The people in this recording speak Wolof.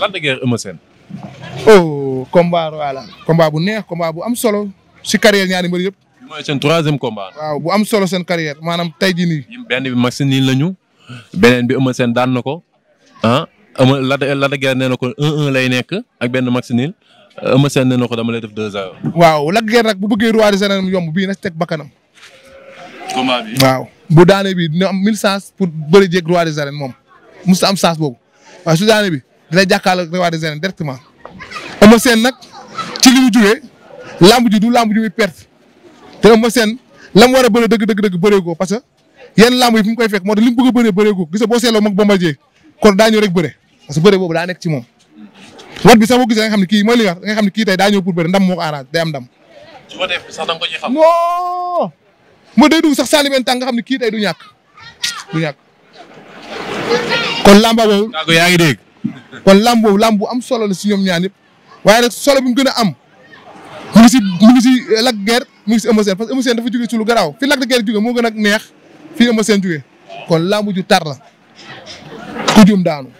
Lac de Guiers Eumeu Sène oh combat bu neex combat bu am solo si carrière ñaari mbër yëpp. mooy seen troisième waaw bu am solo seen carrière maanaam tey jii nii. benn bi Maxime nii la ñu beneen bi Eumeu Sène daan na ko ah Eumeu Lac de Guiers na ko lay nekk ak benn Maxime Eumeu Sène nee ko dama lay def 2-0. waaw Lac de nag bu bëggee roi des arènes yomb bi na teg bakkanam. combat bi waaw bu daanee bi dina am mille chance pour bëri jéeg roi moom mosut am chance dina jàkkaarloo ak roi des arènes directement. Eumeu Sène nag ci li mu jugee lamb ji du lamb ji muy perte te Eumeu Sène la mu war a bëre dëgg dëgg dëgg bëree ko parce que yenn lamb yi fi mu koy fekk moo tax li mu bëgg a bëree bëree ko gis boo seetloo moom Bombardier kon daa ñëw rek bëre parce que bëre boobu daa ci moom. wat bi sax boo gisee nga xam ne kii mooy li nga nga xam ne kii tey daa ñëw pour bëre ndam moo ko arrange day am ndam. su ko def sax da nga xam. non ma day dugg sax sànni benn nga xam ne kii tey du ñàkk du kon lamba boobu. yaa ngi dégg kon làmb boobu làmb bu am solo la si ñoom ñaan yëpp waaye rek solo bi mu gën a am mu ngi si mu ngi si Lac de mu ngi si Eumeu Sène parce que Eumeu Sène dafa jógee ci lu garaaw fi Lac de Guiers jógee gën a neex fii Eumeu Sène jógee kon làmb ju tar la ku jum daanu.